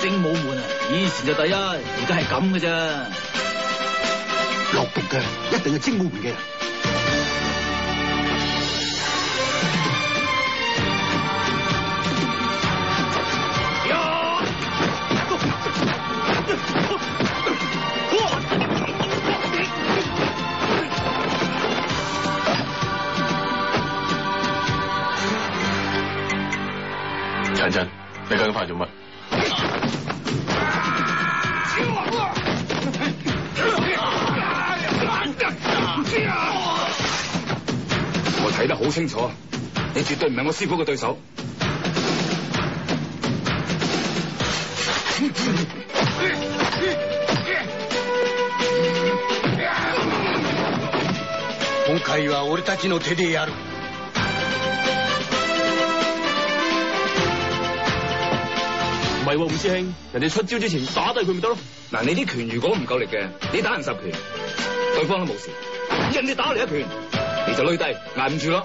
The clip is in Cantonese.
精武門啊，以前就是第一，是這樣的，而家係咁噶咋？落毒嘅一定係精武門嘅。清楚，你絕對唔係我師傅嘅對手。唔係喎，吳師兄，人哋出招之前打低佢咪得咯。嗱、嗯，你啲拳如果唔夠力嘅，你打人十拳，對方都冇事。人哋打你一拳，你就攣低，挨唔住咯。